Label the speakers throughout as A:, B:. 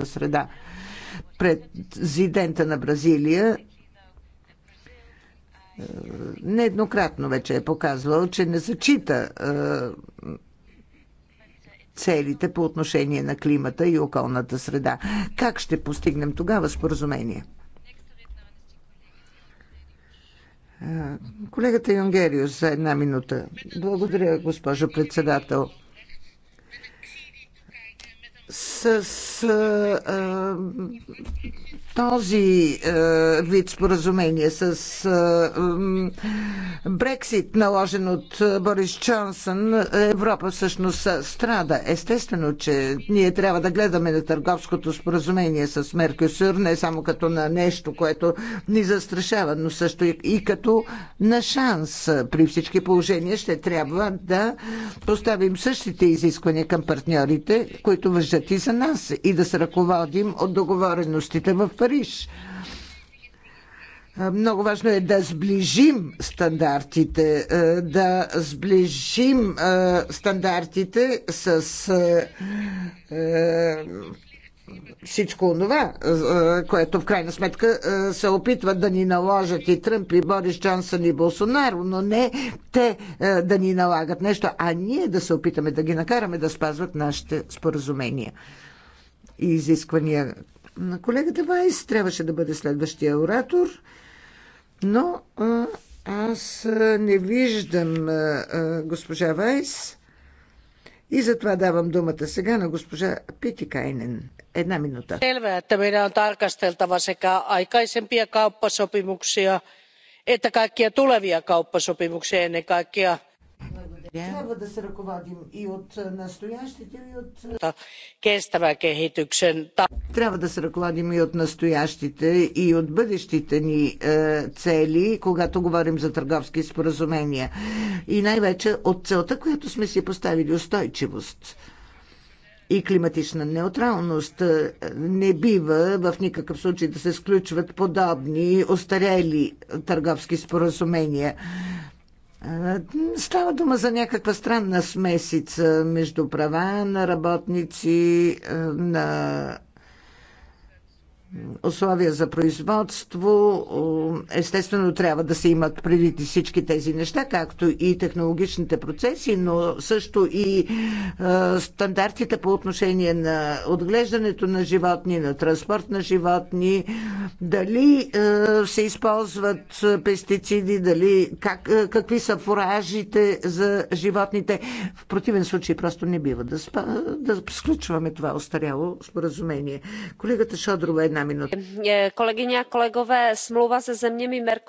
A: околната среда. Президента на Бразилия е, нееднократно вече е показвал, че не зачита е, целите по отношение на климата и околната среда. Как ще постигнем тогава споразумение? Е, колегата Юнгериус за една минута. Благодаря, госпожо председател с а, този а, вид споразумение, с а, Брексит, наложен от Борис Джонсън, Европа всъщност страда. Естествено, че ние трябва да гледаме на търговското споразумение с Меркюсър, не само като на нещо, което ни застрашава, но също и като на шанс. При всички положения ще трябва да поставим същите изисквания към партньорите, които въжат въжат и за нас и да се ръководим от договореностите в Париж. Много важно е да сближим стандартите, да сближим стандартите с всичко това, е, е, което в крайна сметка е, се опитват да ни наложат и Тръмп, и Борис Джонсън, и Болсонаро, но не те да ни налагат нещо, а ние да се опитаме да ги накараме да спазват нашите споразумения и изисквания. На колегата Вайс трябваше да бъде следващия оратор, но аз не виждам госпожа Вайс. И затова давам думата сега на госпожа Питикайнен. Една минута.
B: Selvää, että meidän on tarkasteltava sekä aikaisempia kauppasopimuksia että kaikkia tulevia kauppasopimuksia ennen kaikkea
A: благодаря. Трябва да се ръководим и от настоящите, и от... Трябва да се ръководим и от настоящите, и от бъдещите ни е, цели, когато говорим за търговски споразумения. И най-вече от целта, която сме си поставили устойчивост и климатична неутралност. Е, не бива в никакъв случай да се сключват подобни остарели търговски споразумения. Става дума за някаква странна смесица между права на работници, на условия за производство. Естествено, трябва да се имат предвид и всички тези неща, както и технологичните процеси, но също и е, стандартите по отношение на отглеждането на животни, на транспорт на животни, дали е, се използват пестициди, дали как, е, какви са фуражите за животните. В противен случай просто не бива да, спа, да сключваме това остаряло споразумение.
B: Колегата Шодрова е. Колегиня, колегове, e,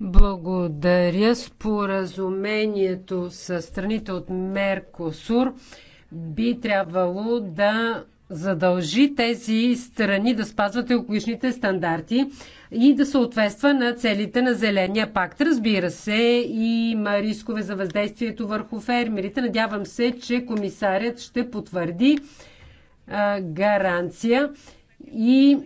B: Благодаря. Споразумението с страните от Меркосур би трябвало да задължи тези страни да спазват екологичните стандарти и да съответства на целите на Зеления пакт. Разбира се, има рискове за въздействието върху фермерите. Надявам се, че комисарят ще потвърди гаранция и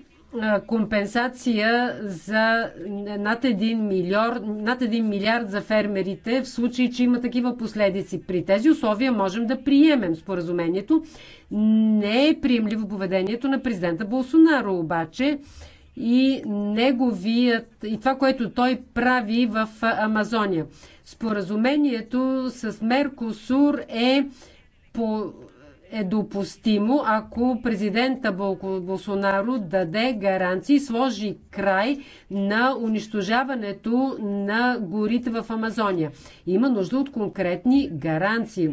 B: компенсация за над 1, милиор, над 1 милиард за фермерите в случай, че има такива последици. При тези условия можем да приемем споразумението. Не е приемливо поведението на президента Болсонаро обаче и неговият и това, което той прави в Амазония. Споразумението с Меркосур е по е допустимо, ако президента Болсонаро даде гаранции, сложи край на унищожаването на горите в Амазония. Има нужда от конкретни гаранции.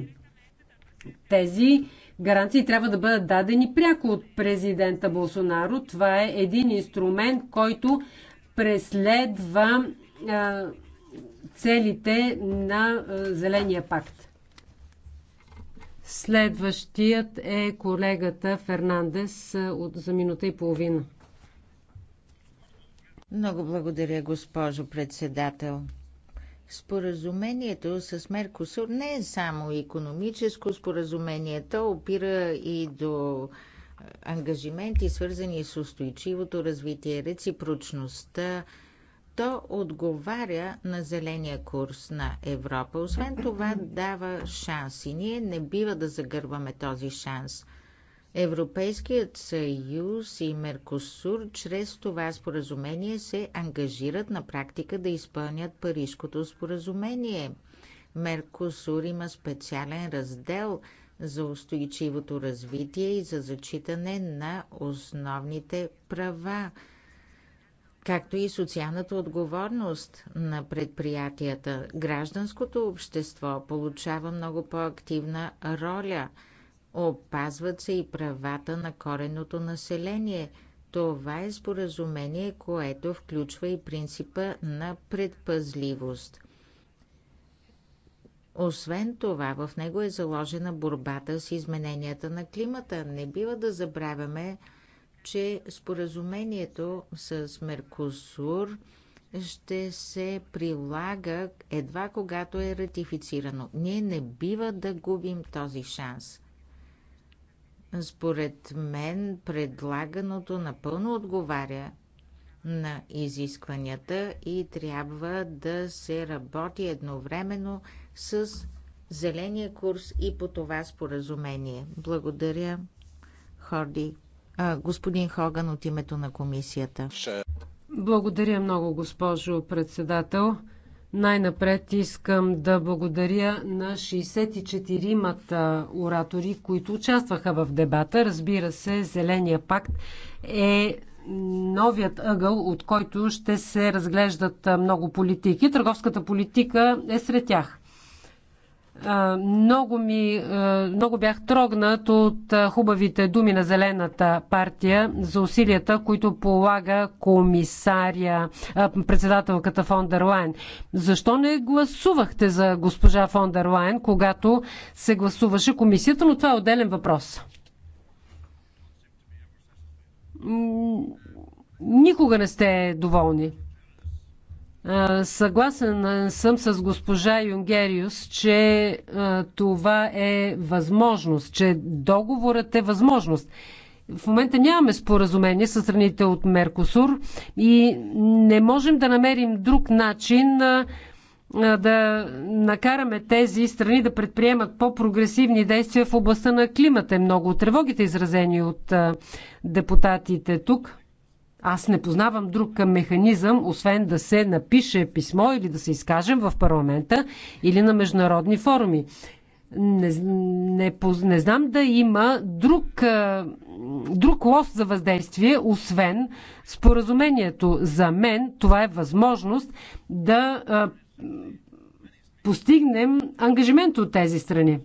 B: Тези гаранции трябва да бъдат дадени пряко от президента Болсонаро. Това е един инструмент, който преследва целите на Зеления пакт. Следващият е колегата Фернандес е, за минута и половина. Много благодаря, госпожо
C: председател. Споразумението с Меркосур не е само економическо споразумение, то опира и до ангажименти, свързани с устойчивото развитие, реципрочността, то отговаря на зеления курс на Европа. Освен това дава шанс и ние не бива да загърваме този шанс. Европейският съюз и Меркосур чрез това споразумение се ангажират на практика да изпълнят Парижкото споразумение. Меркосур има специален раздел за устойчивото развитие и за зачитане на основните права както и социалната отговорност на предприятията. Гражданското общество получава много по-активна роля. Опазват се и правата на кореното население. Това е споразумение, което включва и принципа на предпазливост. Освен това, в него е заложена борбата с измененията на климата. Не бива да забравяме, че споразумението с Меркосур ще се прилага едва когато е ратифицирано. Ние не бива да губим този шанс. Според мен предлаганото напълно отговаря на изискванията и трябва да се работи едновременно с зеления курс и по това споразумение. Благодаря, Хорди
B: господин Хоган от името на комисията. Благодаря много, госпожо председател. Най-напред искам да благодаря на 64-мата оратори, които участваха в дебата. Разбира се, Зеления пакт е новият ъгъл, от който ще се разглеждат много политики. Търговската политика е сред тях. Много, ми, много бях трогнат от хубавите думи на Зелената партия за усилията, които полага комисаря, председателката фон дер Лайн. Защо не гласувахте за госпожа фон дер Лайн, когато се гласуваше комисията, но това е отделен въпрос. Никога не сте доволни. Съгласен съм с госпожа Юнгериус, че това е възможност, че договорът е възможност. В момента нямаме споразумение с страните от Меркосур и не можем да намерим друг начин да накараме тези страни да предприемат по-прогресивни действия в областта на климата. Е много от тревогите, изразени от депутатите тук, аз не познавам друг механизъм, освен да се напише писмо или да се изкажем в парламента или на международни форуми. Не, не, не знам да има друг, друг лост за въздействие, освен споразумението. За мен това е възможност да постигнем ангажимент от тези страни.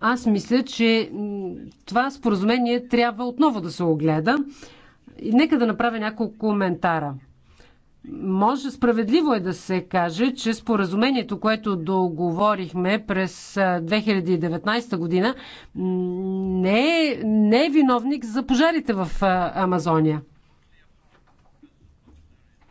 B: Аз мисля, че това споразумение трябва отново да се огледа. И нека да направя няколко коментара. Може справедливо е да се каже, че споразумението, което договорихме през 2019 година, не е, не е виновник за пожарите в Амазония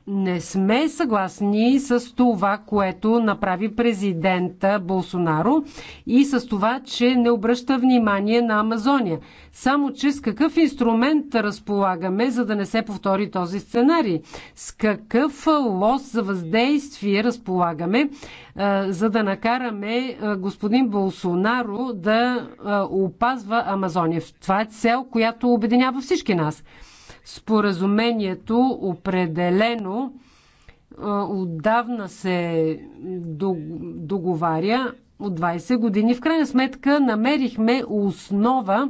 B: не сме съгласни с това, което направи президента Болсонаро и с това, че не обръща внимание на Амазония. Само, че с какъв инструмент разполагаме, за да не се повтори този сценарий? С какъв лос за въздействие разполагаме, за да накараме господин Болсонаро да опазва Амазония? Това е цел, която обединява всички нас. Споразумението определено отдавна се договаря от 20 години. В крайна сметка намерихме основа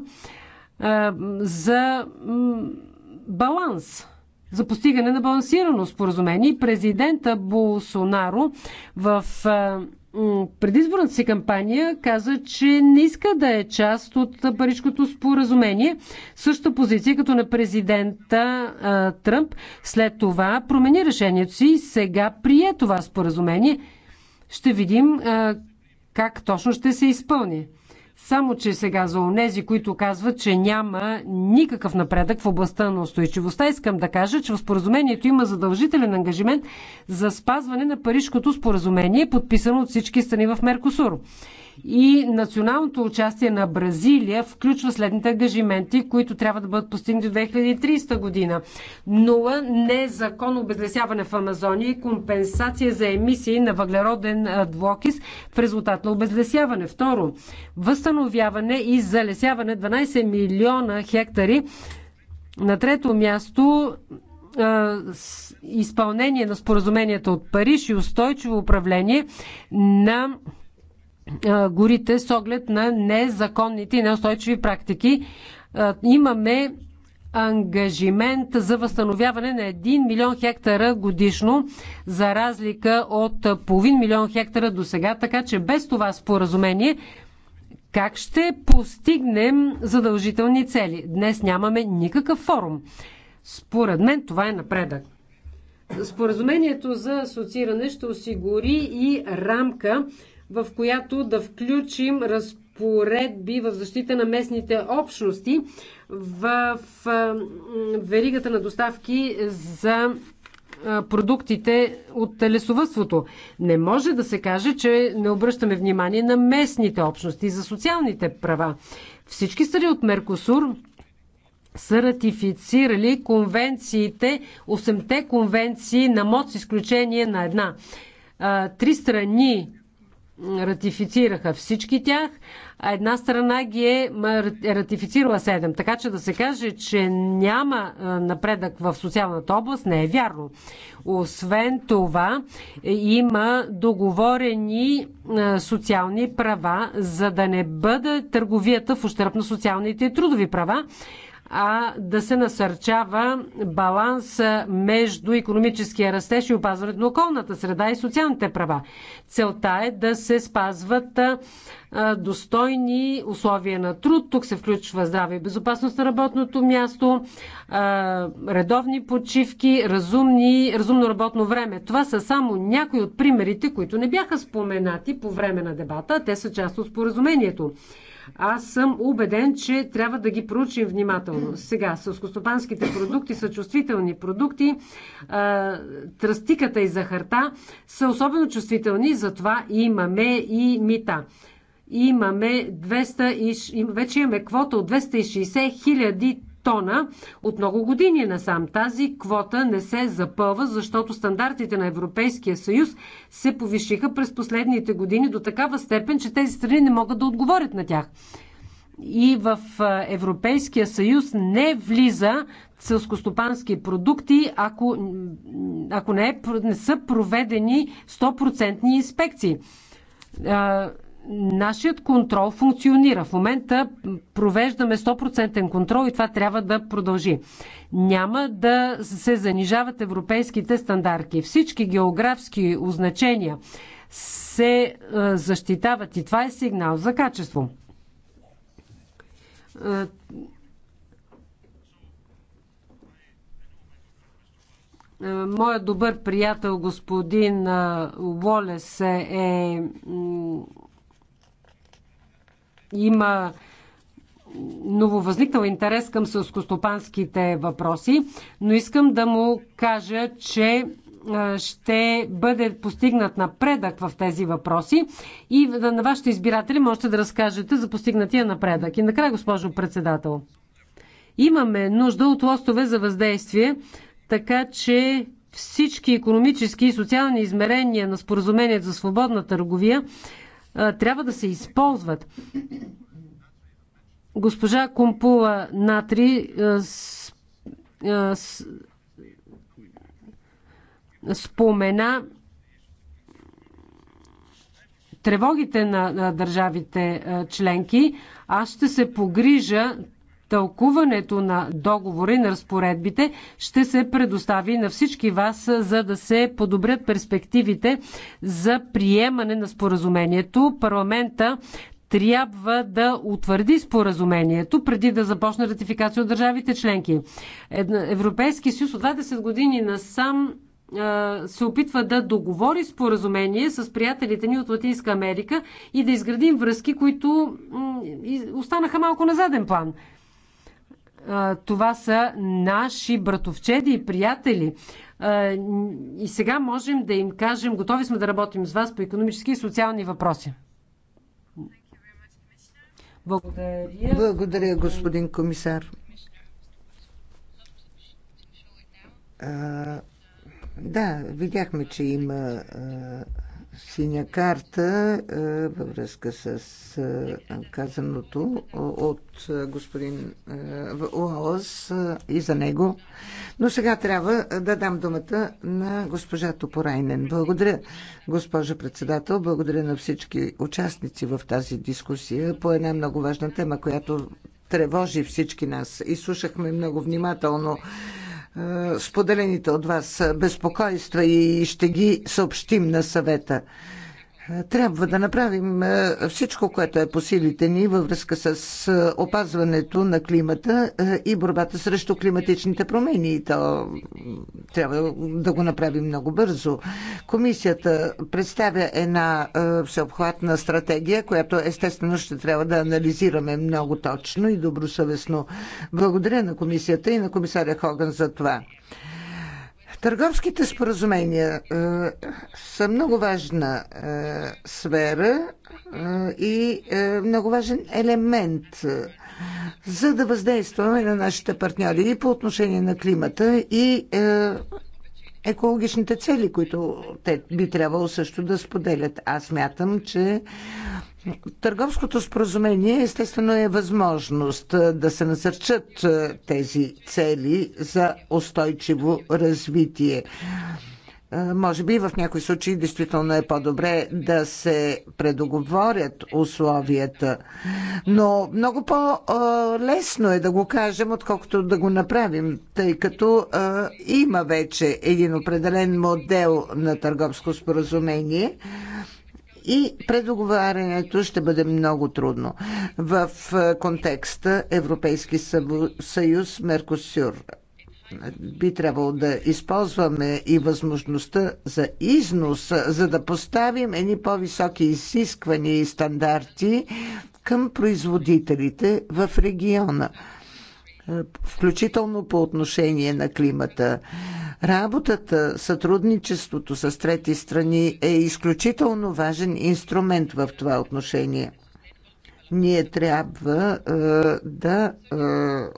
B: за баланс, за постигане на балансирано споразумение. Президента Болсонаро в предизборната си кампания каза, че не иска да е част от паричкото споразумение. Същата позиция като на президента а, Тръмп. След това промени решението си и сега прие това споразумение. Ще видим а, как точно ще се изпълни. Само, че сега за онези, които казват, че няма никакъв напредък в областта на устойчивостта, искам да кажа, че в споразумението има задължителен ангажимент за спазване на Парижкото споразумение, подписано от всички страни в Меркосур и националното участие на Бразилия включва следните ангажименти, които трябва да бъдат постигнати до 2030 година. Нула незаконно обезлесяване в Амазония и компенсация за емисии на въглероден двокис в резултат на обезлесяване. Второ, възстановяване и залесяване 12 милиона хектари. На трето място изпълнение на споразуменията от Париж и устойчиво управление на горите с оглед на незаконните и неустойчиви практики. Имаме ангажимент за възстановяване на 1 милион хектара годишно, за разлика от половин милион хектара до сега, така че без това споразумение как ще постигнем задължителни цели? Днес нямаме никакъв форум. Според мен това е напредък. Споразумението за асоцииране ще осигури и рамка в която да включим разпоредби в защита на местните общности в веригата на доставки за продуктите от лесовътството. Не може да се каже, че не обръщаме внимание на местните общности за социалните права. Всички страни от Меркосур са ратифицирали конвенциите, 8-те конвенции на МОЦ, изключение на една. Три страни ратифицираха всички тях, а една страна ги е, е ратифицирала 7. Така че да се каже, че няма напредък в социалната област, не е вярно. Освен това, е, има договорени социални права, за да не бъде търговията в ущърп на социалните и трудови права, а да се насърчава баланс между економическия растеж и опазването на околната среда и социалните права. Целта е да се спазват достойни условия на труд. Тук се включва здраве и безопасност на работното място, редовни почивки, разумни, разумно работно време. Това са само някои от примерите, които не бяха споменати по време на дебата, а те са част от споразумението. Аз съм убеден, че трябва да ги проучим внимателно. Сега, сълскостопанските продукти са чувствителни продукти. Тръстиката и захарта са особено чувствителни, затова имаме и мита. Имаме 200 и, вече имаме квота от 260 хиляди тона от много години насам. Тази квота не се запълва, защото стандартите на Европейския съюз се повишиха през последните години до такава степен, че тези страни не могат да отговорят на тях и в Европейския съюз не влиза сълскостопански продукти, ако, ако не, е, не са проведени 100% инспекции. Нашият контрол функционира. В момента провеждаме 100% контрол и това трябва да продължи. Няма да се занижават европейските стандарти. Всички географски означения се е, защитават и това е сигнал за качество. Е, моят добър приятел господин е, Уолес е има нововъзникнал интерес към селскостопанските въпроси, но искам да му кажа, че ще бъде постигнат напредък в тези въпроси и на вашите избиратели можете да разкажете за постигнатия напредък. И накрая, госпожо председател, имаме нужда от лостове за въздействие, така че всички економически и социални измерения на споразумението за свободна търговия трябва да се използват. Госпожа Компула Натри спомена тревогите на, на държавите членки. Аз ще се погрижа тълкуването на договора и на разпоредбите ще се предостави на всички вас, за да се подобрят перспективите за приемане на споразумението. Парламента трябва да утвърди споразумението преди да започне ратификация от държавите членки. Европейски съюз от 20 години насам се опитва да договори споразумение с приятелите ни от Латинска Америка и да изградим връзки, които останаха малко на заден план. Това са наши братовчеди и приятели. И сега можем да им кажем, готови сме да работим с вас по економически и социални въпроси.
A: Благодаря.
B: Благодаря,
A: господин комисар. А, да, видяхме, че има а, синя карта е, във връзка с е, казаното от е, господин Уолас и за него. Но сега трябва да дам думата на госпожа Топорайнен. Благодаря, госпожа председател. Благодаря на всички участници в тази дискусия по една много важна тема, която тревожи всички нас. И слушахме много внимателно е, споделените от вас е, безпокойства и ще ги съобщим на съвета. Трябва да направим е, всичко, което е по силите ни във връзка с е, опазването на климата е, и борбата срещу климатичните промени. И то трябва да го направим много бързо. Комисията представя една всеобхватна стратегия, която естествено ще трябва да анализираме много точно и добросъвестно. Благодаря на комисията и на комисаря Хоган за това. Търговските споразумения е, са много важна е, сфера е, и е, много важен елемент, е, за да въздействаме на нашите партньори и по отношение на климата и е, екологичните цели, които те би трябвало също да споделят. Аз мятам, че Търговското споразумение естествено е възможност да се насърчат тези цели за устойчиво развитие. Може би в някои случаи действително е по-добре да се предоговорят условията, но много по-лесно е да го кажем, отколкото да го направим, тъй като има вече един определен модел на търговско споразумение и предоговарянето ще бъде много трудно в контекста Европейски съюз Меркосюр. Би трябвало да използваме и възможността за износ, за да поставим едни по-високи изисквания и стандарти към производителите в региона, включително по отношение на климата. Работата, сътрудничеството с трети страни е изключително важен инструмент в това отношение. Ние трябва е, да е,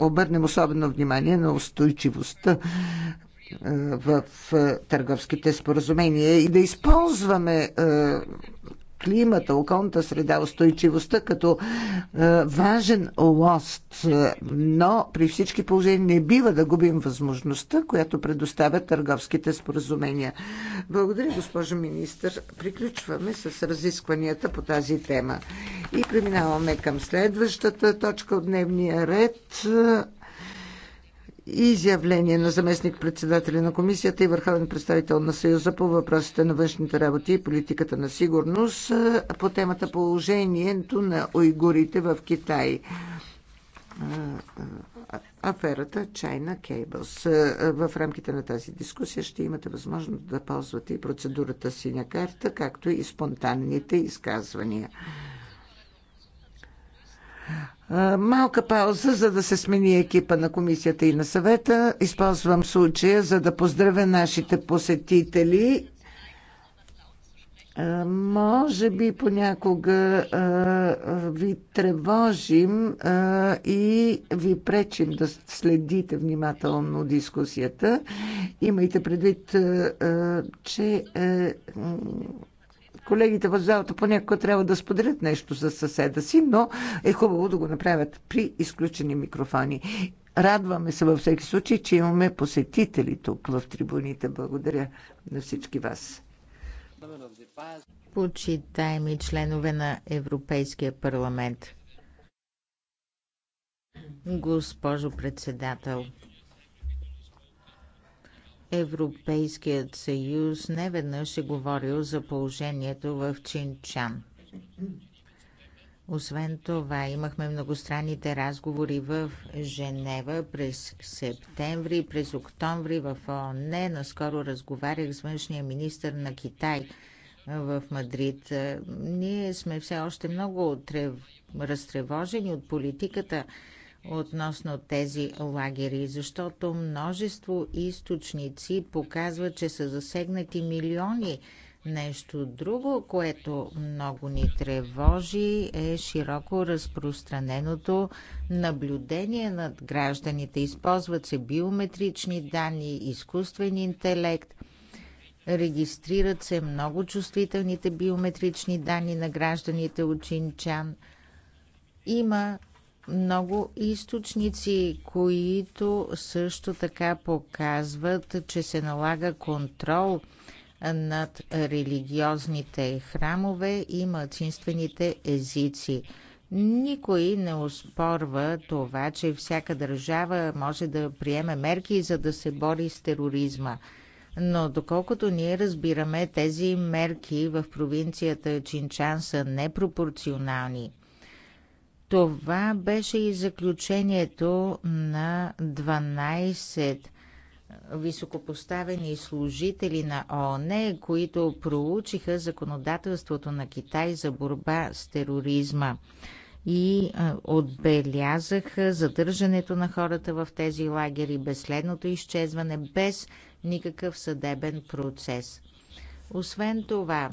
A: обърнем особено внимание на устойчивостта е, в е, търговските споразумения и да използваме е, климата, околната среда, устойчивостта като е, важен лост. Но при всички положения не бива да губим възможността, която предоставят търговските споразумения. Благодаря, госпожо министр. Приключваме с разискванията по тази тема. И преминаваме към следващата точка от дневния ред изявление на заместник-председателя на комисията и върховен представител на Съюза по въпросите на външните работи и политиката на сигурност по темата положението на уйгурите в Китай. Аферата Чайна Кейбълс. В рамките на тази дискусия ще имате възможност да ползвате и процедурата синя карта, както и спонтанните изказвания. Малка пауза, за да се смени екипа на комисията и на съвета. Използвам случая, за да поздравя нашите посетители. Може би понякога ви тревожим и ви пречим да следите внимателно дискусията. Имайте предвид, че е, колегите в залата понякога трябва да споделят нещо с съседа си, но е хубаво да го направят при изключени микрофони. Радваме се във всеки случай, че имаме посетители тук в трибуните. Благодаря на всички
C: вас. Почитаеми членове на Европейския парламент. Госпожо председател, Европейският съюз неведнъж е говорил за положението в Чинчан. Освен това, имахме многостранните разговори в Женева през септември, през октомври в ООН. Наскоро разговарях с външния министр на Китай в Мадрид. Ние сме все още много разтревожени от политиката относно тези лагери, защото множество източници показват, че са засегнати милиони. Нещо друго, което много ни тревожи е широко разпространеното наблюдение над гражданите. Използват се биометрични данни, изкуствен интелект – регистрират се много чувствителните биометрични данни на гражданите от Чинчан. Има много източници, които също така показват, че се налага контрол над религиозните храмове и младсинствените езици. Никой не оспорва това, че всяка държава може да приеме мерки за да се бори с тероризма. Но доколкото ние разбираме, тези мерки в провинцията Чинчан са непропорционални. Това беше и заключението на 12 високопоставени служители на ООН, които проучиха законодателството на Китай за борба с тероризма и отбелязаха задържането на хората в тези лагери, безследното изчезване, без никакъв съдебен процес. Освен това,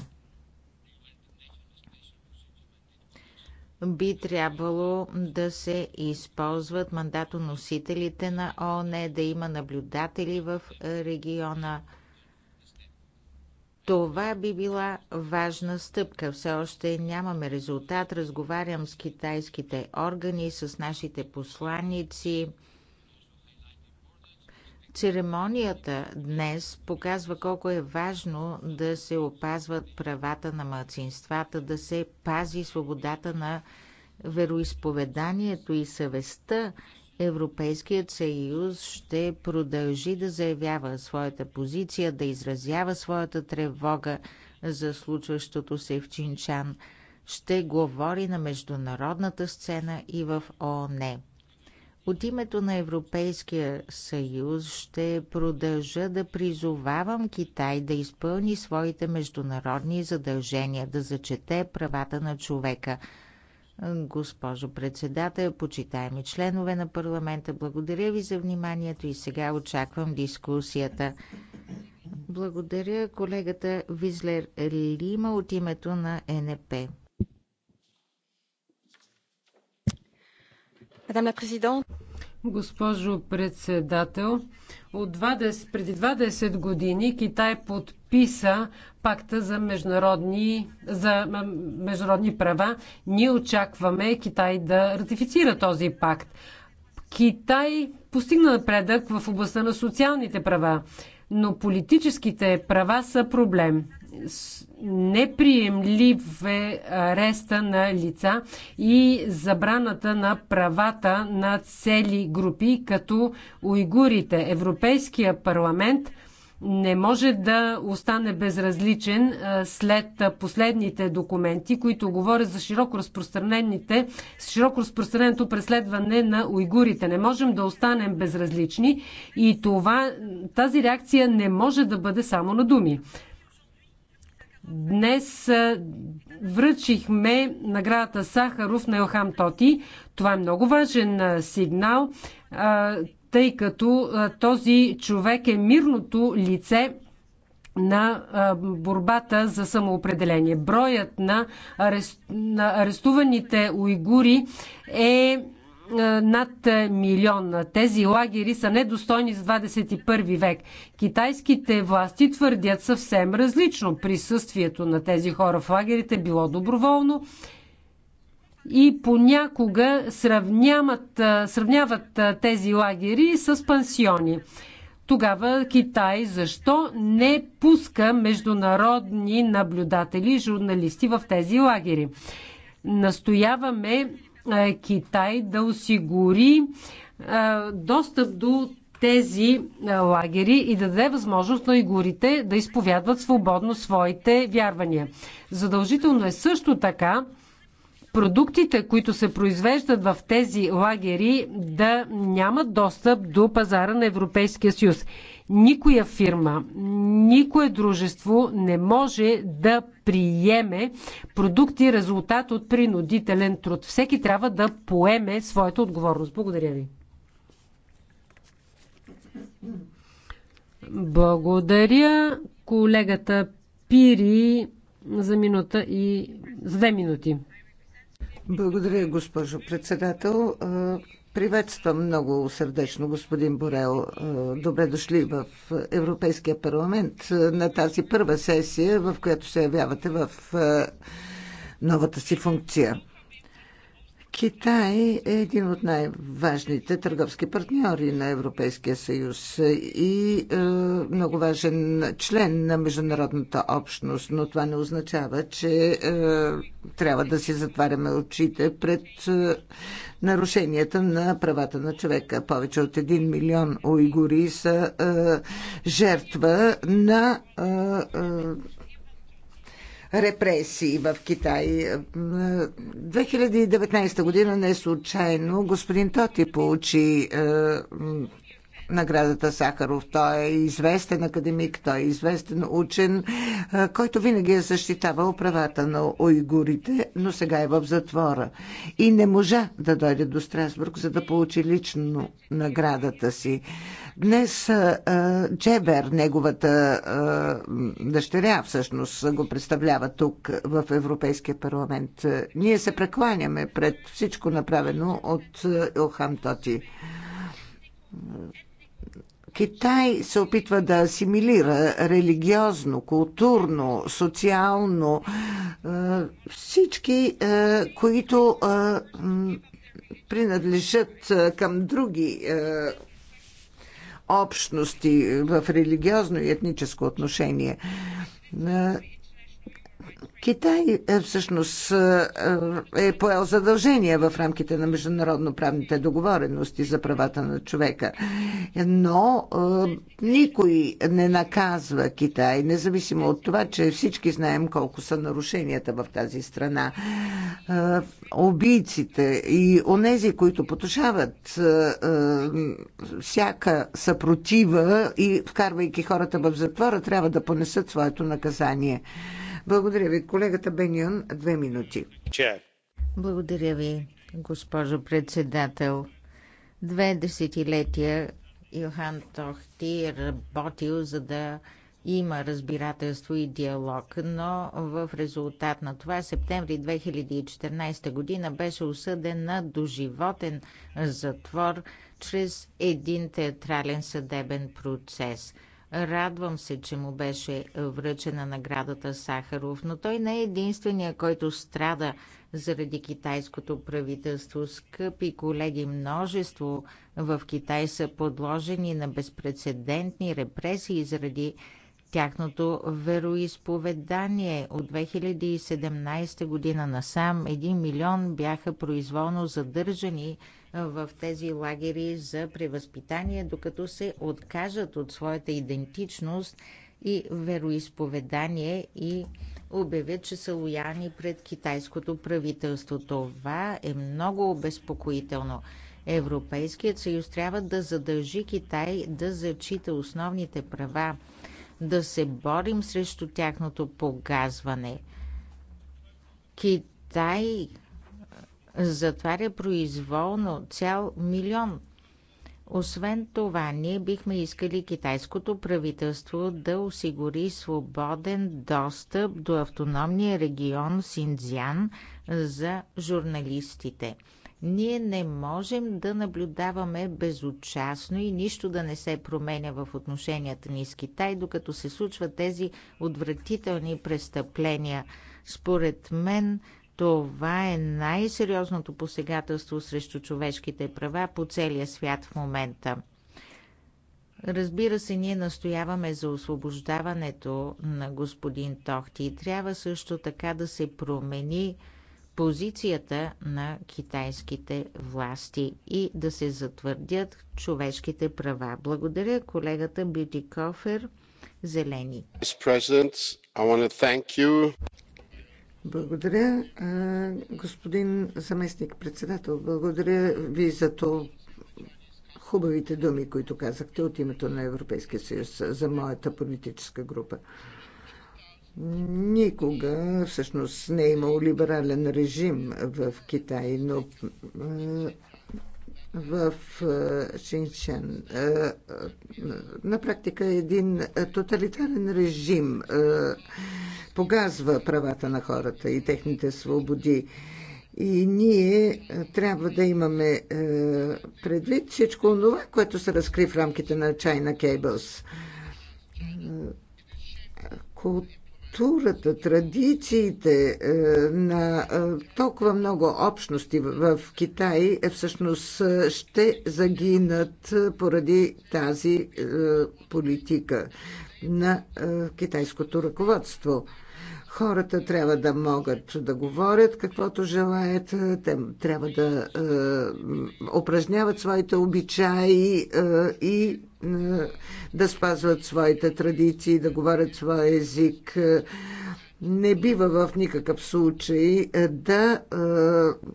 C: би трябвало да се използват мандатоносителите на ООН, да има наблюдатели в региона. Това би била важна стъпка. Все още нямаме резултат. Разговарям с китайските органи, с нашите посланици. Церемонията днес показва колко е важно да се опазват правата на малцинствата, да се пази свободата на вероизповеданието и съвестта. Европейският съюз ще продължи да заявява своята позиция, да изразява своята тревога за случващото се в Чинчан. Ще говори на международната сцена и в ООН. От името на Европейския съюз ще продължа да призовавам Китай да изпълни своите международни задължения, да зачете правата на човека. Госпожо председател, почитаеми членове на парламента, благодаря ви за вниманието и сега очаквам дискусията. Благодаря колегата Визлер Лима от името на НП.
B: Госпожо председател, от 20, преди 20 години Китай подписа пакта за международни, за международни права. Ние очакваме Китай да ратифицира този пакт. Китай постигна напредък в областта на социалните права но политическите права са проблем. Неприемлив е ареста на лица и забраната на правата на цели групи, като уйгурите. Европейския парламент – не може да остане безразличен след последните документи, които говорят за широко разпространените, широко разпространеното преследване на уйгурите. Не можем да останем безразлични и това, тази реакция не може да бъде само на думи. Днес връчихме наградата Сахаров на Елхам Тоти. Това е много важен сигнал тъй като този човек е мирното лице на борбата за самоопределение. Броят на, арест, на арестуваните уйгури е над милион. Тези лагери са недостойни за 21 век. Китайските власти твърдят съвсем различно. Присъствието на тези хора в лагерите е било доброволно и понякога сравняват, сравняват тези лагери с пансиони. Тогава Китай защо не пуска международни наблюдатели и журналисти в тези лагери? Настояваме Китай да осигури достъп до тези лагери и да даде възможност на игорите да изповядват свободно своите вярвания. Задължително е също така продуктите, които се произвеждат в тези лагери, да нямат достъп до пазара на Европейския съюз. Никоя фирма, никое дружество не може да приеме продукти резултат от принудителен труд. Всеки трябва да поеме своята отговорност. Благодаря ви. Благодаря колегата Пири за минута и за две минути.
A: Благодаря, госпожо председател. Приветствам много сърдечно господин Борел. Добре дошли в Европейския парламент на тази първа сесия, в която се явявате в новата си функция. Китай е един от най-важните търговски партньори на Европейския съюз и е, много важен член на международната общност, но това не означава, че е, трябва да си затваряме очите пред е, нарушенията на правата на човека. Повече от един милион уйгури са е, жертва на. Е, е, репресии в Китай. 2019 година не случайно господин Тоти получи е, наградата Сахаров. Той е известен академик, той е известен учен, е, който винаги е защитавал правата на уйгурите, но сега е в затвора. И не можа да дойде до Страсбург, за да получи лично наградата си. Днес Джебер, неговата дъщеря, всъщност го представлява тук в Европейския парламент. Ние се прекланяме пред всичко направено от Илхам Тоти. Китай се опитва да асимилира религиозно, културно, социално всички, които принадлежат към други общности в религиозно и етническо отношение. Китай е, всъщност е, е, е поел задължения в рамките на международно-правните договорености за правата на човека. Но никой не наказва Китай, независимо от това, че всички знаем колко са нарушенията в тази страна. Убийците и онези, които потушават всяка съпротива и вкарвайки хората в затвора, трябва да понесат своето
C: наказание. Благодаря ви. Колегата Бенион, две минути. Че. Благодаря ви, госпожо председател. Две десетилетия Йохан Тохти е работил за да има разбирателство и диалог, но в резултат на това септември 2014 година беше осъден на доживотен затвор чрез един театрален съдебен процес. Радвам се, че му беше връчена наградата Сахаров, но той не е единствения, който страда заради китайското правителство. Скъпи колеги, множество в Китай са подложени на безпредседентни репресии заради тяхното вероисповедание. От 2017 година насам 1 милион бяха произволно задържани в тези лагери за превъзпитание, докато се откажат от своята идентичност и вероисповедание и обявят, че са лоялни пред китайското правителство. Това е много обезпокоително. Европейският съюз трябва да задължи Китай да зачита основните права, да се борим срещу тяхното погазване. Китай затваря произволно цял милион. Освен това, ние бихме искали китайското правителство да осигури свободен достъп до автономния регион Синдзян за журналистите. Ние не можем да наблюдаваме безучастно и нищо да не се променя в отношенията ни с Китай, докато се случват тези отвратителни престъпления. Според мен това е най-сериозното посегателство срещу човешките права по целия свят в момента. Разбира се, ние настояваме за освобождаването на господин Тохти и трябва също така да се промени позицията на китайските власти и да се затвърдят човешките права. Благодаря колегата Бютикофер Зелени. Благодаря, господин
A: заместник-председател. Благодаря ви за то хубавите думи, които казахте от името на Европейския съюз за моята политическа група. Никога всъщност не е имал либерален режим в Китай, но в е, Шинчен. Е, е, на практика един тоталитарен режим погазва правата на хората и техните свободи. И ние трябва да имаме предвид всичко това, което се разкри в рамките на China Cables. Култ културата, традициите е, на е, толкова много общности в Китай е, всъщност ще загинат поради тази политика на китайското ръководство. Хората трябва да могат да говорят каквото желаят, те трябва да е, упражняват своите обичаи е, и е, да спазват своите традиции, да говорят своя език. Не бива в никакъв случай е, да е,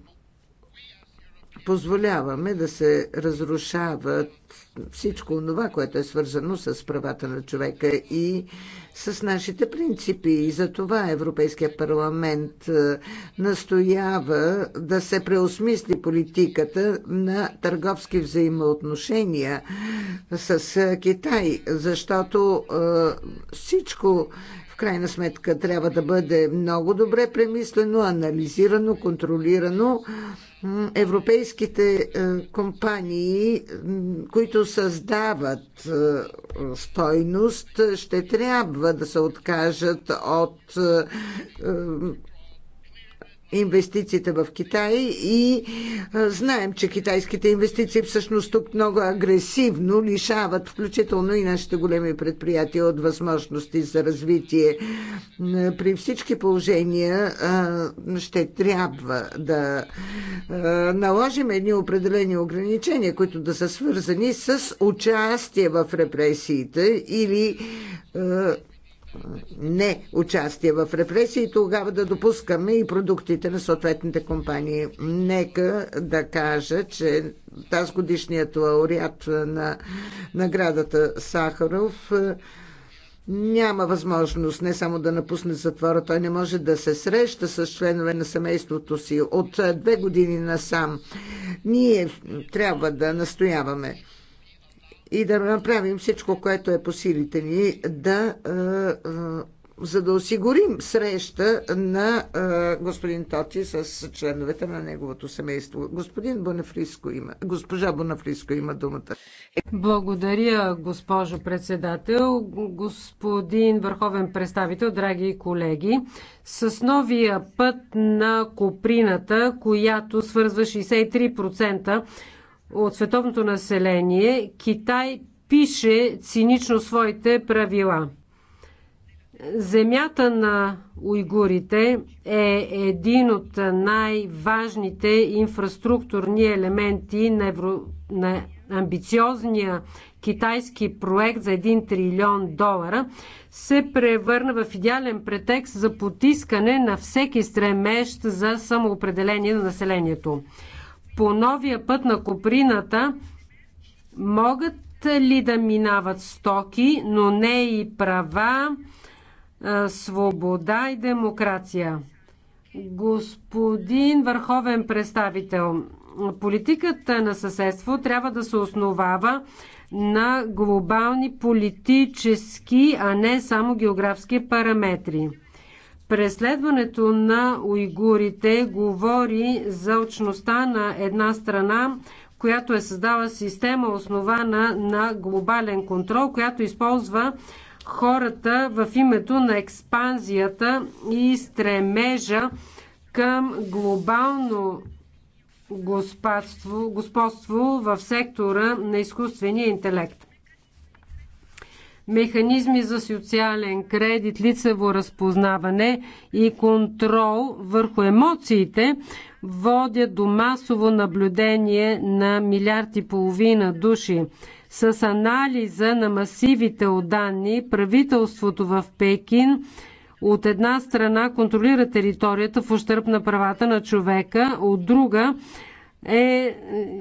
A: позволяваме да се разрушават всичко това, което е свързано с правата на човека и с нашите принципи. И за това Европейския парламент е, настоява да се преосмисли политиката на търговски взаимоотношения с е, Китай, защото е, всичко крайна сметка трябва да бъде много добре премислено, анализирано, контролирано европейските е, компании, които създават е, стойност, ще трябва да се откажат от е, инвестициите в Китай и знаем, че китайските инвестиции всъщност тук много агресивно лишават включително и нашите големи предприятия от възможности за развитие. При всички положения ще трябва да наложим едни определени ограничения, които да са свързани с участие в репресиите или не участие в репресии, тогава да допускаме и продуктите на съответните компании. Нека да кажа, че тази годишният лауреат на наградата Сахаров е, няма възможност не само да напусне затвора, той не може да се среща с членове на семейството си от е, две години насам. Ние трябва да настояваме и да направим всичко, което е по силите ни, да, за да осигурим среща на господин Тоти с членовете на неговото семейство. Господин Бонафриско има, госпожа Бонафриско има думата.
B: Благодаря, госпожо председател, господин върховен представител, драги колеги. С новия път на Коприната, която свързва 63% от световното население, Китай пише цинично своите правила. Земята на уйгурите е един от най-важните инфраструктурни елементи на, евро... на амбициозния китайски проект за 1 трилион долара се превърна в идеален претекст за потискане на всеки стремещ за самоопределение на населението по новия път на Коприната могат ли да минават стоки, но не и права, свобода и демокрация? Господин върховен представител, политиката на съседство трябва да се основава на глобални политически, а не само географски параметри. Преследването на уйгурите говори за очността на една страна, която е създала система основана на глобален контрол, която използва хората в името на експанзията и стремежа към глобално господство, господство в сектора на изкуствения интелект механизми за социален кредит, лицево разпознаване и контрол върху емоциите водят до масово наблюдение на милиард и половина души. С анализа на масивите от данни, правителството в Пекин от една страна контролира територията в ущърп на правата на човека, от друга е, е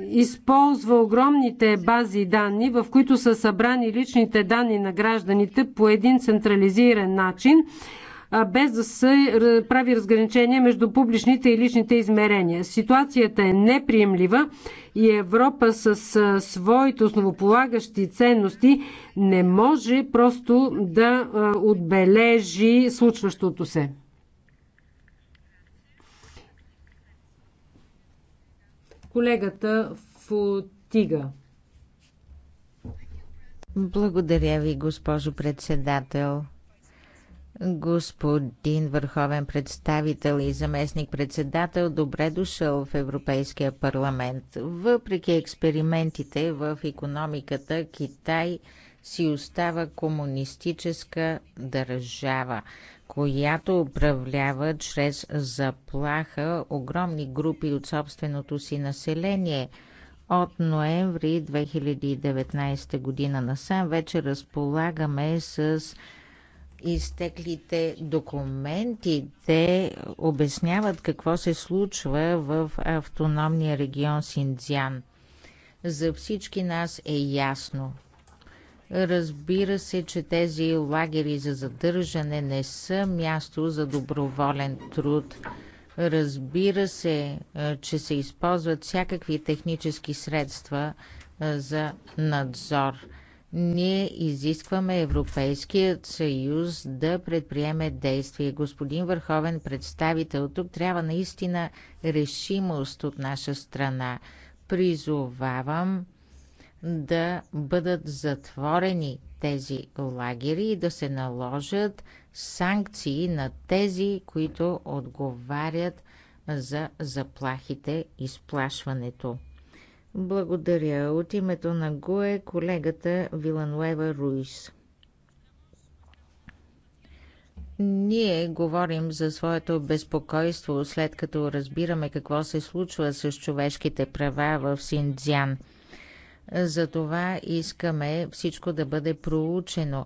B: използва огромните бази данни, в които са събрани личните данни на гражданите по един централизиран начин, без да се прави разграничение между публичните и личните измерения. Ситуацията е неприемлива и Европа с своите основополагащи ценности не може просто да отбележи случващото се. Колегата Футига.
C: Благодаря ви, госпожо председател. Господин върховен представител и заместник председател, добре дошъл в Европейския парламент. Въпреки експериментите в економиката, Китай си остава комунистическа държава която управлява чрез заплаха огромни групи от собственото си население. От ноември 2019 година насам вече разполагаме с изтеклите документи. Те обясняват какво се случва в автономния регион Синдзян. За всички нас е ясно, Разбира се, че тези лагери за задържане не са място за доброволен труд. Разбира се, че се използват всякакви технически средства за надзор. Ние изискваме Европейският съюз да предприеме действие. Господин Върховен представител, тук трябва наистина решимост от наша страна. Призовавам да бъдат затворени тези лагери и да се наложат санкции на тези, които отговарят за заплахите и сплашването. Благодаря. От името на ГУЕ колегата Вилануева Руис. Ние говорим за своето безпокойство, след като разбираме какво се случва с човешките права в Синдзян – затова искаме всичко да бъде проучено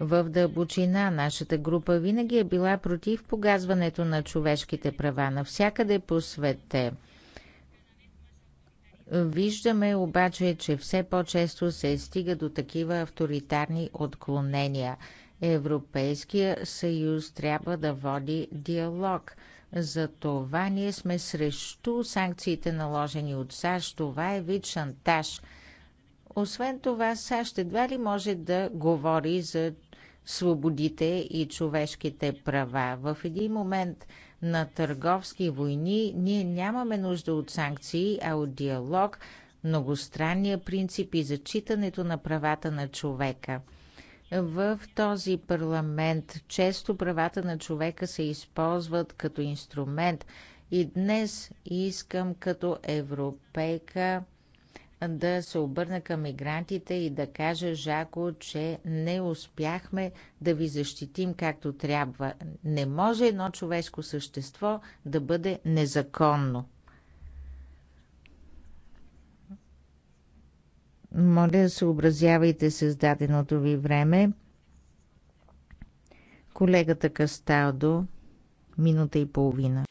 C: в дълбочина. Нашата група винаги е била против погазването на човешките права навсякъде по свете. Виждаме обаче, че все по-често се стига до такива авторитарни отклонения. Европейския съюз трябва да води диалог. За това ние сме срещу санкциите наложени от САЩ. Това е вид шантаж – освен това, САЩ едва ли може да говори за свободите и човешките права. В един момент на търговски войни ние нямаме нужда от санкции, а от диалог, многостранния принцип и зачитането на правата на човека. В този парламент често правата на човека се използват като инструмент и днес искам като европейка да се обърна към мигрантите и да кажа, Жако, че не успяхме да ви защитим както трябва. Не може едно човешко същество да бъде незаконно. Моля, съобразявайте с даденото ви време. Колегата
B: Касталдо, минута и половина.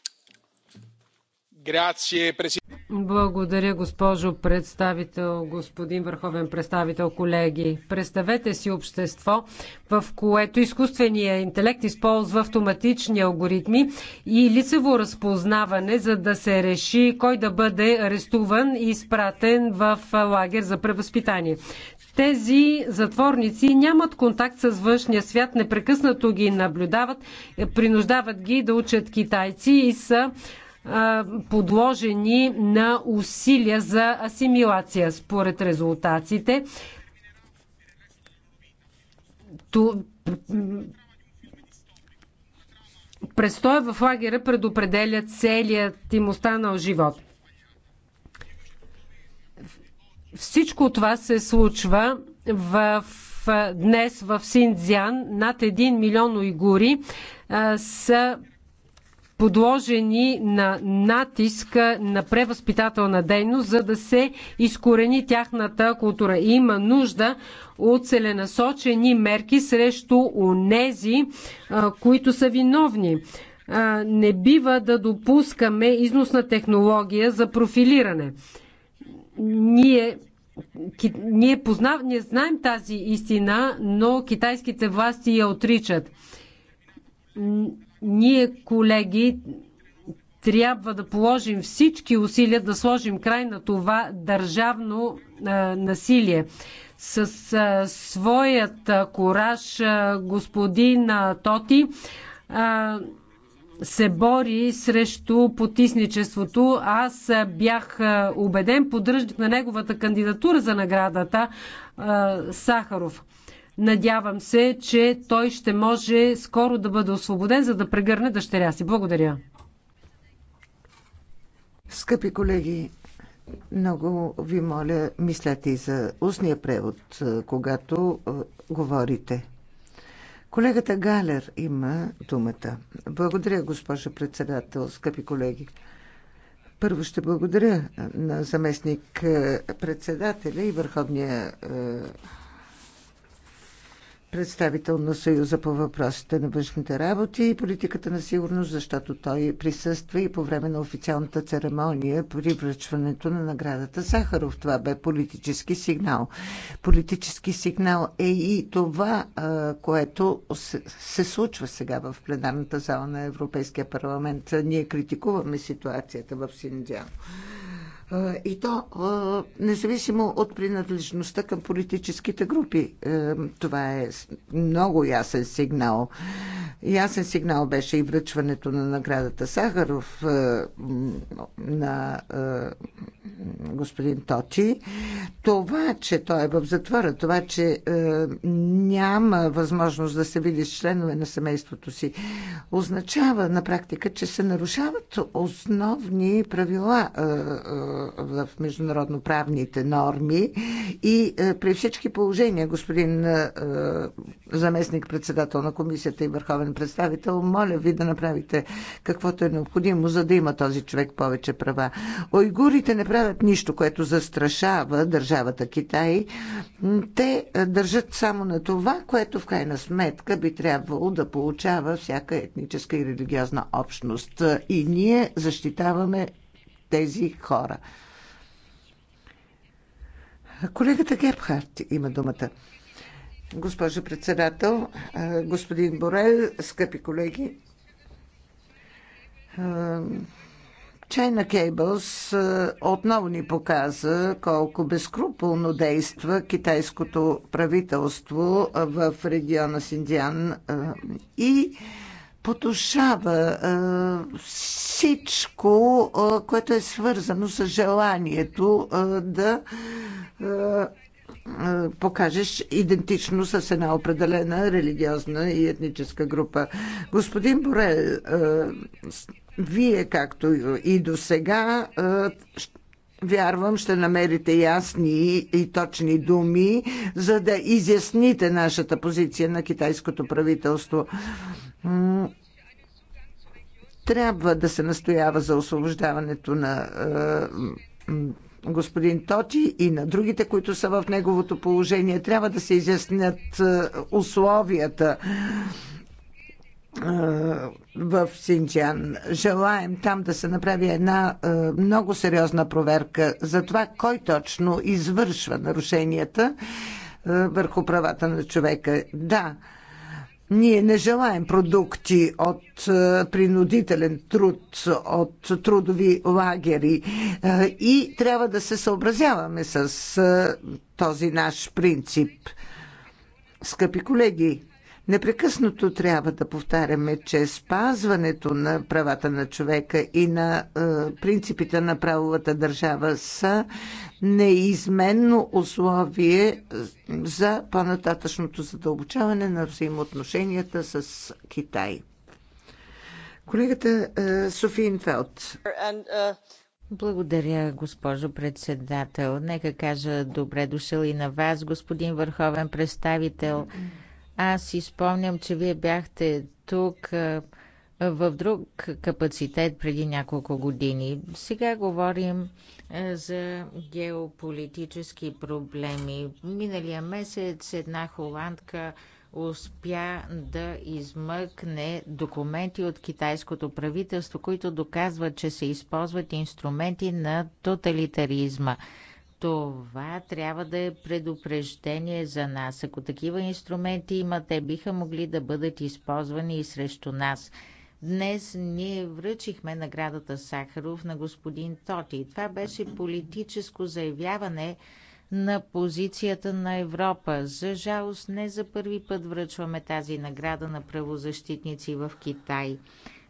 B: Благодаря, госпожо представител, господин върховен представител, колеги. Представете си общество, в което изкуственият интелект използва автоматични алгоритми и лицево разпознаване, за да се реши кой да бъде арестуван и изпратен в лагер за превъзпитание. Тези затворници нямат контакт с външния свят, непрекъснато ги наблюдават, принуждават ги да учат китайци и са подложени на усилия за асимилация. Според резултатите, Престоя в лагера предопределя целият им останал живот. Всичко това се случва в, днес в Синдзян. Над 1 милион уйгури са подложени на натиск на превъзпитателна дейност, за да се изкорени тяхната култура. И има нужда от целенасочени мерки срещу онези, които са виновни. Не бива да допускаме износна технология за профилиране. Ние ние, познав, ние знаем тази истина, но китайските власти я отричат ние, колеги, трябва да положим всички усилия да сложим край на това държавно а, насилие. С а, своят а, кураж а, господин а, Тоти а, се бори срещу потисничеството. Аз бях убеден поддръжник на неговата кандидатура за наградата Сахаров. Надявам се, че той ще може скоро да бъде освободен, за да прегърне дъщеря си. Благодаря. Скъпи
A: колеги, много ви моля, мислете и за устния превод, когато говорите. Колегата Галер има думата. Благодаря, госпожа председател, скъпи колеги. Първо ще благодаря на заместник председателя и върховния представител на Съюза по въпросите на външните работи и политиката на сигурност, защото той присъства и по време на официалната церемония при връчването на наградата Сахаров. Това бе политически сигнал. Политически сигнал е и това, което се случва сега в пленарната зала на Европейския парламент. Ние критикуваме ситуацията в Синдиан. И то независимо от принадлежността към политическите групи. Е, това е много ясен сигнал. Ясен сигнал беше и връчването на наградата Сахаров е, на е, господин Точи. Това, че той е в затвора, това, че няма възможност да се види с членове на семейството си, означава на практика, че се нарушават основни правила в международноправните норми и е, при всички положения, господин е, е, заместник-председател на комисията и върховен представител, моля ви да направите каквото е необходимо, за да има този човек повече права. Ойгурите не правят нищо, което застрашава държавата Китай. Те държат само на това, което в крайна сметка би трябвало да получава всяка етническа и религиозна общност. И ние защитаваме тези хора. Колегата Гепхарт има думата. Госпожо председател, господин Борел, скъпи колеги, Чайна Кейбълс отново ни показа колко безкруполно действа китайското правителство в региона Синдиан и потушава всичко, което е свързано с желанието да покажеш идентично с една определена религиозна и етническа група. Господин Борел, вие както и до сега вярвам, ще намерите ясни и точни думи, за да изясните нашата позиция на китайското правителство трябва да се настоява за освобождаването на е, господин Тоти и на другите, които са в неговото положение. Трябва да се изяснят е, условията е, в Синджиан. Желаем там да се направи една много сериозна проверка за това кой точно извършва нарушенията върху правата на човека. Да, ние не желаем продукти от е, принудителен труд, от трудови лагери е, и трябва да се съобразяваме с е, този наш принцип. Скъпи колеги, Непрекъснато трябва да повтаряме, че спазването на правата на човека и на е, принципите на правовата държава са неизменно условие е, за по-нататъчното задълбочаване на взаимоотношенията с Китай.
C: Колегата е, Софин
B: Фелд.
C: Е, Благодаря, госпожо председател. Нека кажа добре дошъл и на вас, господин върховен представител. Mm-hmm аз си спомням, че вие бяхте тук в друг капацитет преди няколко години. Сега говорим за геополитически проблеми. Миналия месец една холандка успя да измъкне документи от китайското правителство, които доказват, че се използват инструменти на тоталитаризма. Това трябва да е предупреждение за нас. Ако такива инструменти има, те биха могли да бъдат използвани и срещу нас. Днес ние връчихме наградата Сахаров на господин Тоти. Това беше политическо заявяване на позицията на Европа. За жалост не за първи път връчваме тази награда на правозащитници в Китай.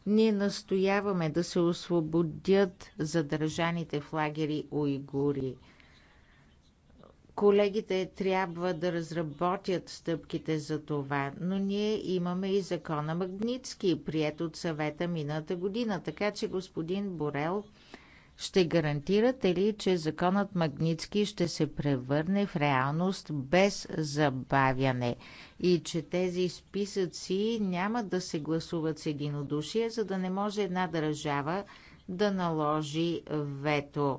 C: Ние настояваме да се освободят задържаните в лагери уйгури. Колегите трябва да разработят стъпките за това, но ние имаме и закона Магнитски, прият от съвета мината година. Така че, господин Борел, ще гарантирате ли, че законът Магнитски ще се превърне в реалност без забавяне и че тези списъци няма да се гласуват с единодушие, за да не може една държава да наложи вето?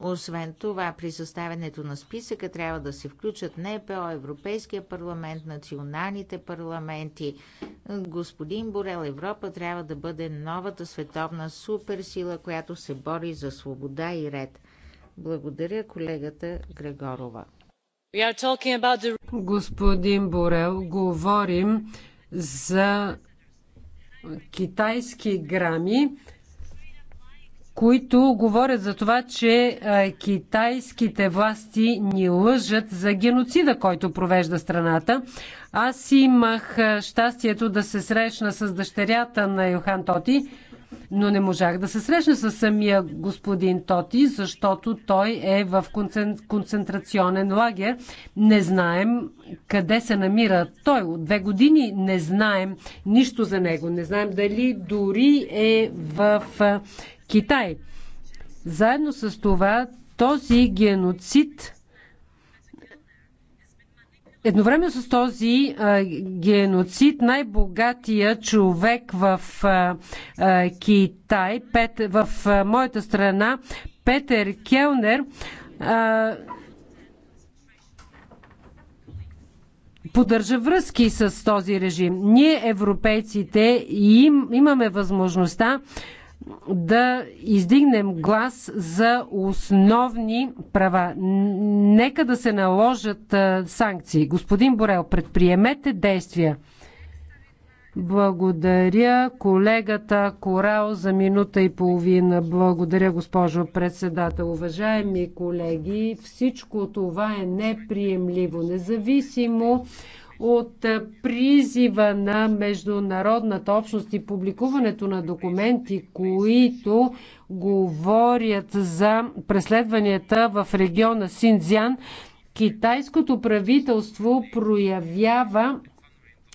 C: Освен това, при съставянето на списъка трябва да се включат НПО, Европейския парламент, националните парламенти. Господин Борел, Европа трябва да бъде новата световна суперсила, която се бори за свобода и ред. Благодаря колегата
B: Грегорова. Господин Борел, говорим за китайски грами които говорят за това, че китайските власти ни лъжат за геноцида, който провежда страната. Аз имах щастието да се срещна с дъщерята на Йохан Тоти, но не можах да се срещна с самия господин Тоти, защото той е в концентрационен лагер. Не знаем къде се намира той. От две години не знаем нищо за него. Не знаем дали дори е в Китай. Заедно с това този геноцид Едновременно с този а, геноцид най-богатия човек в а, а, Китай, Пет, в а, моята страна, Петър Келнер, а, поддържа връзки с този режим. Ние, европейците, им, имаме възможността да издигнем глас за основни права. Нека да се наложат санкции. Господин Борел, предприемете действия. Благодаря колегата Корал за минута и половина. Благодаря, госпожо председател. Уважаеми колеги, всичко това е неприемливо, независимо от призива на международната общност и публикуването на документи, които говорят за преследванията в региона Синдзян, китайското правителство проявява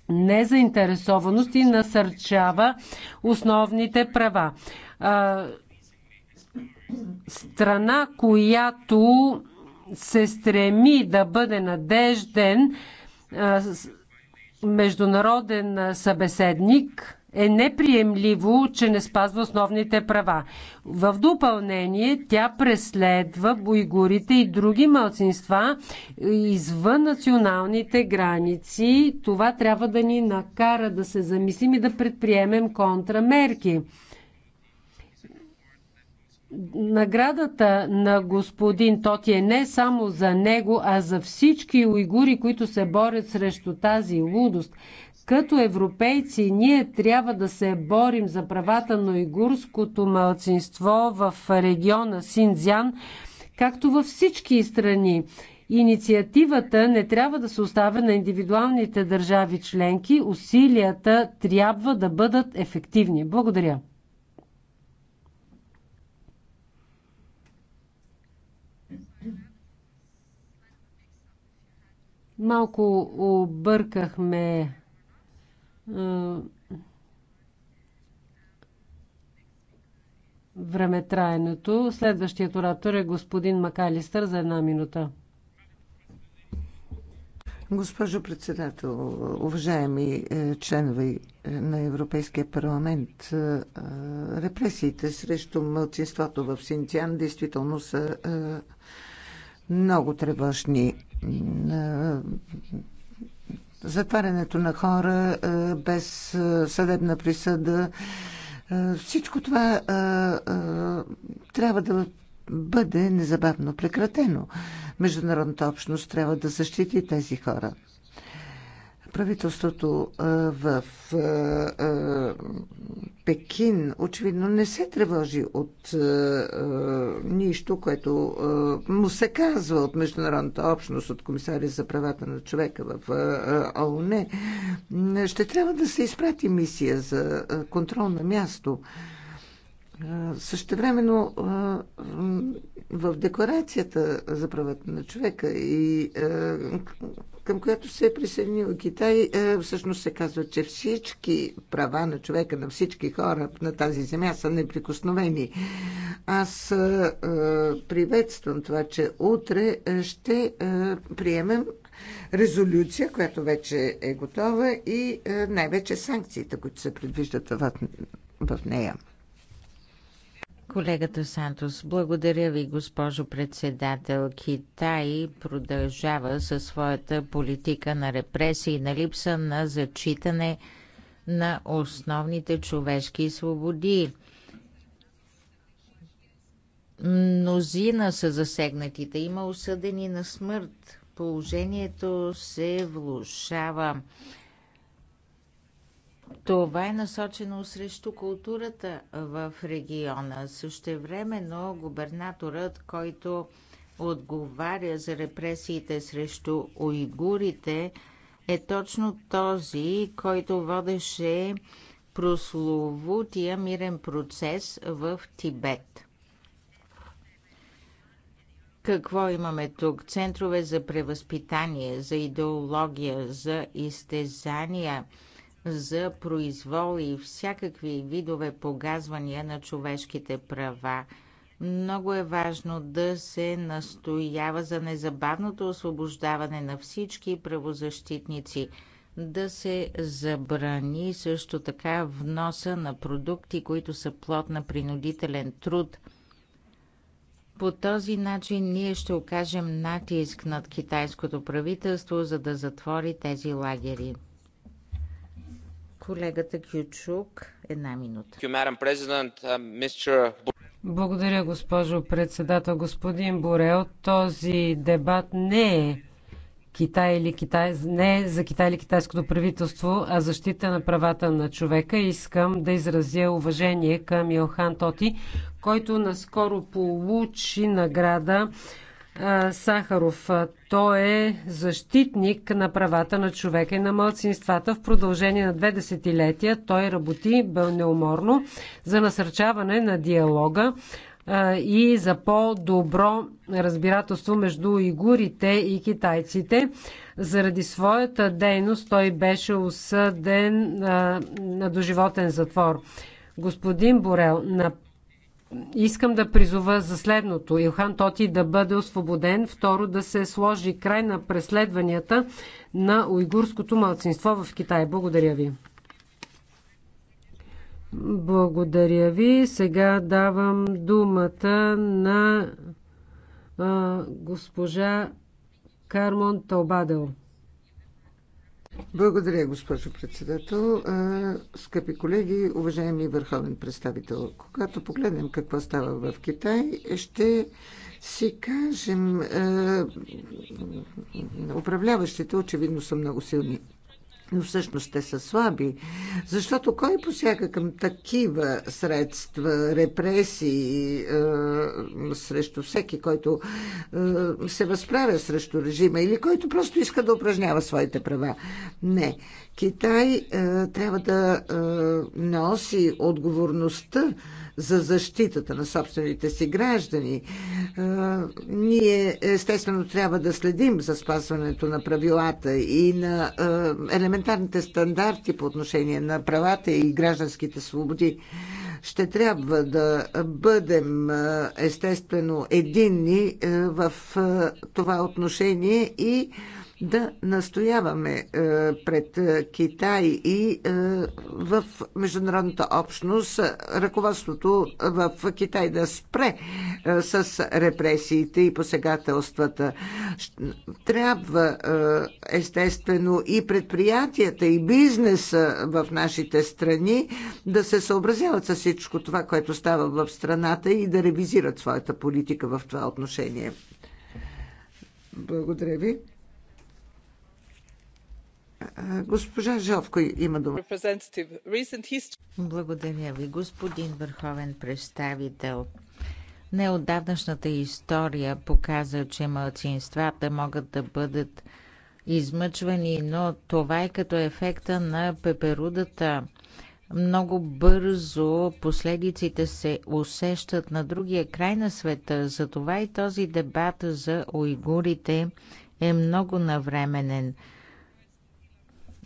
B: незаинтересованост и насърчава основните права. Страна, която се стреми да бъде надежден, международен събеседник, е неприемливо, че не спазва основните права. В допълнение тя преследва буйгурите и други малцинства извън националните граници. Това трябва да ни накара да се замислим и да предприемем контрамерки. Наградата на господин Тоти е не само за него, а за всички уйгури, които се борят срещу тази лудост. Като европейци ние трябва да се борим за правата на уйгурското мълцинство в региона Синдзян, както във всички страни. Инициативата не трябва да се оставя на индивидуалните държави членки. Усилията трябва да бъдат ефективни. Благодаря. Малко объркахме времетраенето. Следващият оратор е господин Макалистър за една минута.
A: Госпожо председател, уважаеми е, членове е, на Европейския парламент, е, репресиите срещу мълцинството в Синциан действително са много тревожни. Затварянето на хора без съдебна присъда, всичко това трябва да бъде незабавно прекратено. Международната общност трябва да защити тези хора правителството в Пекин очевидно не се тревожи от нищо, което му се казва от международната общност, от комисаря за правата на човека в ООН. Ще трябва да се изпрати мисия за контрол на място Същевременно в декларацията за правата на човека и към която се е присъединил Китай, всъщност се казва, че всички права на човека, на всички хора на тази земя са неприкосновени. Аз приветствам това, че утре ще приемем резолюция, която вече е готова и най-вече санкциите, които се предвиждат в нея.
C: Колегата Сантос, благодаря ви, госпожо председател. Китай продължава със своята политика на репресии, на липса на зачитане на основните човешки свободи. Мнозина са засегнатите. Има осъдени на смърт. Положението се влушава. Това е насочено срещу културата в региона. Същевременно губернаторът, който отговаря за репресиите срещу уйгурите, е точно този, който водеше прословутия мирен процес в Тибет. Какво имаме тук? Центрове за превъзпитание, за идеология, за изтезания – за произвол и всякакви видове погазвания на човешките права. Много е важно да се настоява за незабавното освобождаване на всички правозащитници, да се забрани също така вноса на продукти, които са плод на принудителен труд. По този начин ние ще окажем натиск над китайското правителство, за да затвори тези лагери.
B: Колегата Кючук, една минута.
A: Uh,
B: Благодаря, госпожо председател. Господин Борел, този дебат не е Китай или Китай, не е за Китай или китайското правителство, а защита на правата на човека. Искам да изразя уважение към Йохан Тоти, който наскоро получи награда Сахаров. Той е защитник на правата на човека и на младсинствата. В продължение на две десетилетия той работи неуморно за насърчаване на диалога и за по-добро разбирателство между уйгурите и китайците. Заради своята дейност той беше осъден на доживотен затвор. Господин Борел, на Искам да призова за следното. Илхан Тоти да бъде освободен. Второ, да се сложи край на преследванията на уйгурското младсинство в Китай. Благодаря ви. Благодаря ви. Сега давам думата на а, госпожа Кармон Талбадел.
A: Благодаря, госпожо председател. Скъпи колеги, уважаеми върховен представител, когато погледнем какво става в Китай, ще си кажем, управляващите очевидно са много силни но всъщност те са слаби. Защото кой посяга към такива средства, репресии е, срещу всеки, който е, се възправя срещу режима или който просто иска да упражнява своите права? Не. Китай е, трябва да е, носи отговорността за защитата на собствените си граждани. Е, ние естествено трябва да следим за спазването на правилата и на е, елементарните стандарти по отношение на правата и гражданските свободи. Ще трябва да бъдем е, естествено единни в това отношение и да настояваме е, пред е, Китай и е, в международната общност ръководството в Китай да спре с репресиите и посегателствата. Трябва естествено и предприятията и бизнеса в нашите страни да се съобразяват с всичко това, което става в страната и да ревизират своята политика в това отношение.
C: Благодаря ви.
A: Госпожа Жовко има дума.
C: Благодаря ви, господин върховен представител. Неодавнашната история показа, че мълцинствата могат да бъдат измъчвани, но това е като ефекта на пеперудата. Много бързо последиците се усещат на другия край на света, затова и този дебат за уйгурите е много навременен.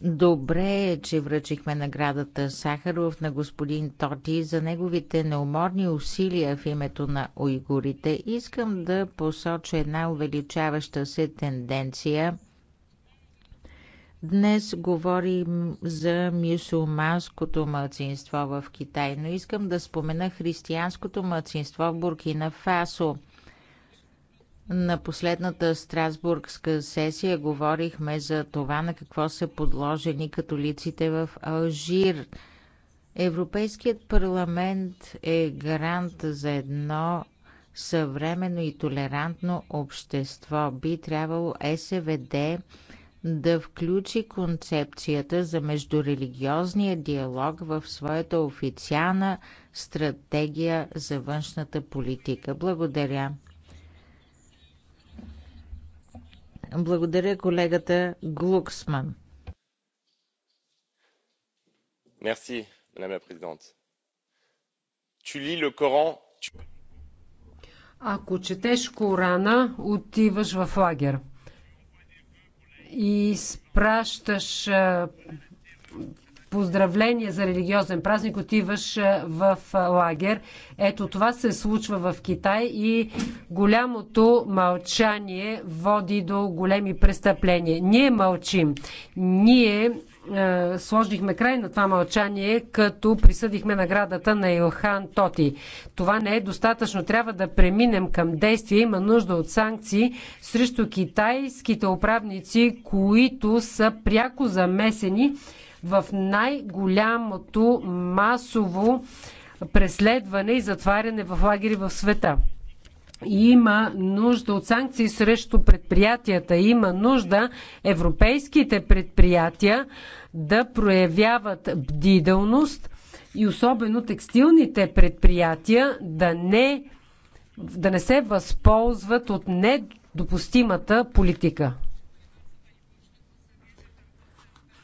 C: Добре е, че връчихме наградата Сахаров на господин Тоти за неговите неуморни усилия в името на уйгурите. Искам да посоча една увеличаваща се тенденция. Днес говорим за мюсулманското мълцинство в Китай, но искам да спомена християнското мълцинство в Буркина Фасо – на последната Страсбургска сесия говорихме за това на какво са подложени католиците в Алжир. Европейският парламент е гарант за едно съвременно и толерантно общество. Би трябвало СВД да включи концепцията за междурелигиозния диалог в своята официална стратегия за външната политика. Благодаря. Благодаря колегата Глуксман.
A: Мерси, madame la présidente. Tu lis le Coran,
B: Ако четеш Корана, отиваш в лагер и спращаш Поздравления за религиозен празник, отиваш в лагер. Ето това се случва в Китай и голямото мълчание води до големи престъпления. Ние мълчим. Ние сложихме край на това мълчание, като присъдихме наградата на Илхан Тоти. Това не е достатъчно. Трябва да преминем към действие. Има нужда от санкции срещу китайските управници, които са пряко замесени в най-голямото масово преследване и затваряне в лагери в света. Има нужда от санкции срещу предприятията. Има нужда европейските предприятия да проявяват бдителност и особено текстилните предприятия да не, да не се възползват от недопустимата политика.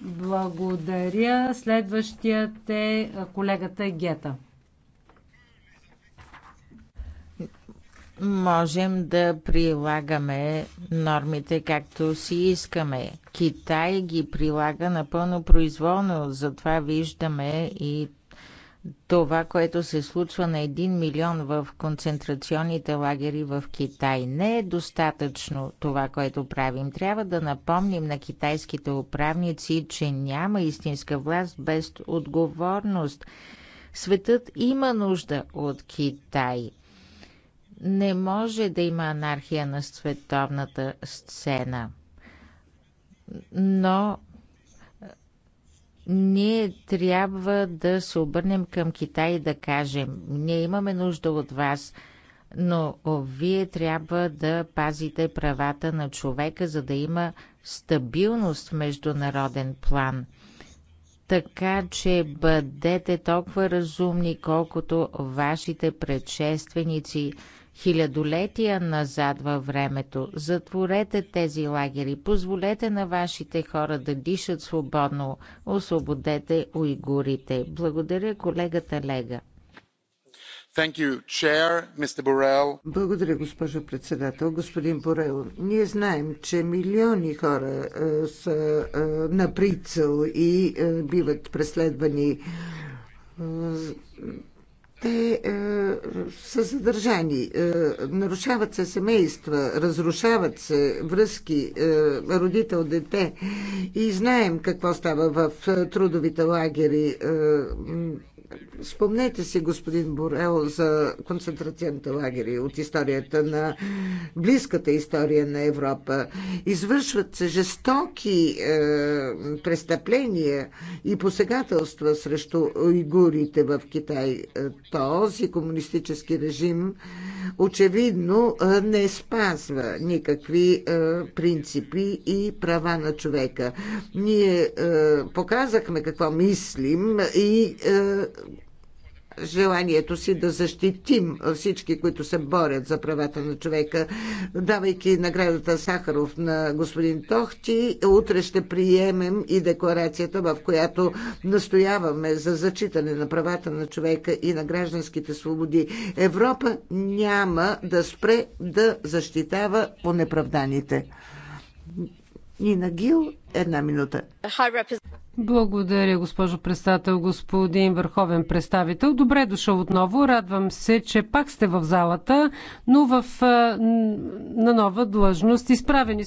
B: Благодаря. Следващият е колегата Гета.
C: Можем да прилагаме нормите както си искаме. Китай ги прилага напълно произволно, затова виждаме и това, което се случва на 1 милион в концентрационните лагери в Китай. Не е достатъчно това, което правим. Трябва да напомним на китайските управници, че няма истинска власт без отговорност. Светът има нужда от Китай. Не може да има анархия на световната сцена. Но ние трябва да се обърнем към Китай и да кажем, ние имаме нужда от вас, но вие трябва да пазите правата на човека, за да има стабилност в международен план – така че бъдете толкова разумни, колкото вашите предшественици хилядолетия назад във времето. Затворете тези лагери, позволете на вашите хора да дишат свободно, освободете уйгурите. Благодаря колегата Лега. Благодаря, госпожо председател. Господин Борел, ние знаем,
A: че милиони хора е, са е, на прицел и е, биват преследвани те е, са задържани. Е, нарушават се семейства, разрушават се връзки е, родител-дете. И знаем какво става в е, трудовите лагери. Е, спомнете си, господин Борел, за концентрационните лагери от историята на близката история на Европа. Извършват се жестоки е, престъпления и посегателства срещу уйгурите в Китай. Е, този комунистически режим очевидно не спазва никакви принципи и права на човека. Ние показахме какво мислим и желанието си да защитим всички, които се борят за правата на човека, давайки наградата Сахаров на господин Тохти. Утре ще приемем и декларацията, в която настояваме за зачитане на правата на човека и на гражданските свободи. Европа няма да спре да защитава по неправданите. Нина Гил, една минута.
B: Благодаря, госпожо председател, господин върховен представител. Добре е дошъл отново. Радвам се, че пак сте в залата, но в, на нова длъжност. Изправени сме